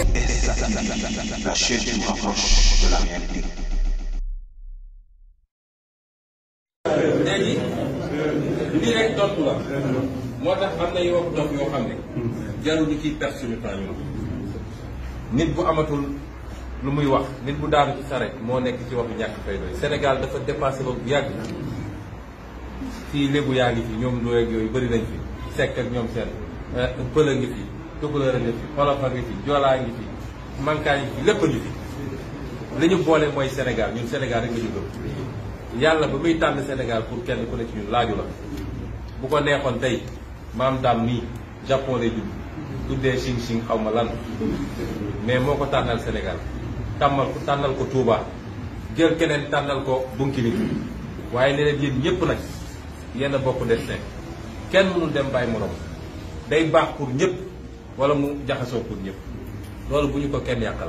SATV, rek tontu la moo tax am na yoo dox yoo xam ne jarul ñu ciy perte suñu temps nit bu amatul lu muy wax nit bu daanu ci saret moo nekk ci waxu ñàkk fay doy Sénégal dafa dépassé ba bu yàgg fii lébu yaa ngi ñoom looy ak yooyu bëri nañ fi sekk ak ñoom seen euh, pël a ngi fi tukulóor a ngi fi olof a ngi fi joolaa ngi fi mankaa fi lépp a fi li ñu boole mooy Sénégal ñun Sénégal rek la ñu gëm yàlla ba muy tànn Sénégal pour kenn ku ne ci ñun laaju la bu ko neexoon tey maam daam nii Japon lay judd tuddee sing sing xaw ma lan mais moo ko tànnal Sénégal tàmmal ko tànnal ko tuuba jël keneen tànnal ko Bunkini waaye ne leen yéen nag yenn bokk destin kenn mënul dem bàyyi moroom day baax pour ñëpp wala mu jaxasoo pour ñëpp loolu bu ñu ko kenn yàqal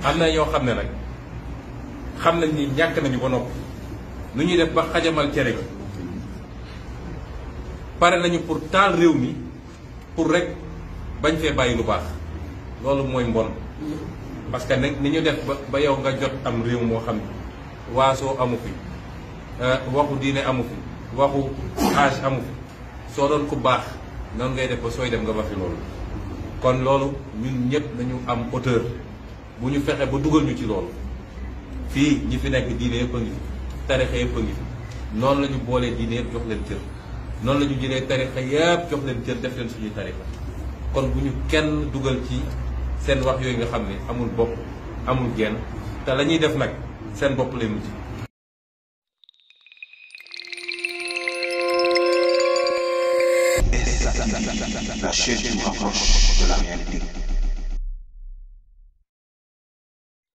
am na ñoo xam ne rek xam nañ ni ñàkk nañu ba nopp nu ñuy def ba xajamal cere gi pare nañu pour taal réew mi pour rek bañ fee bàyyi lu baax loolu mooy mbon parce que nag ni ñu def ba ba yow nga jot am réew moo xam ne waasoo amu fi euh, waxu diine amu fi waxu âge amu fi soo doon ku baax noonu ngay def ba sooy dem nga ba fi loolu kon loolu ñun ñëpp dañu am hauteur bu ñu fexe ba dugal ñu ci loolu fii ñi fi nekk diine yëpp a ngi fi tarixa yëpp a ngi fi noonu la ñu boolee diine yëpp jox leen cër noonu la ñu jëlee tarixa yëpp jox leen cër def leen suñuy tarixa kon bu ñu kenn dugal ci seen wax yooyu nga xam ne amul bopp amul genn te lañuy def nag seen bopp lay mujj la septima de la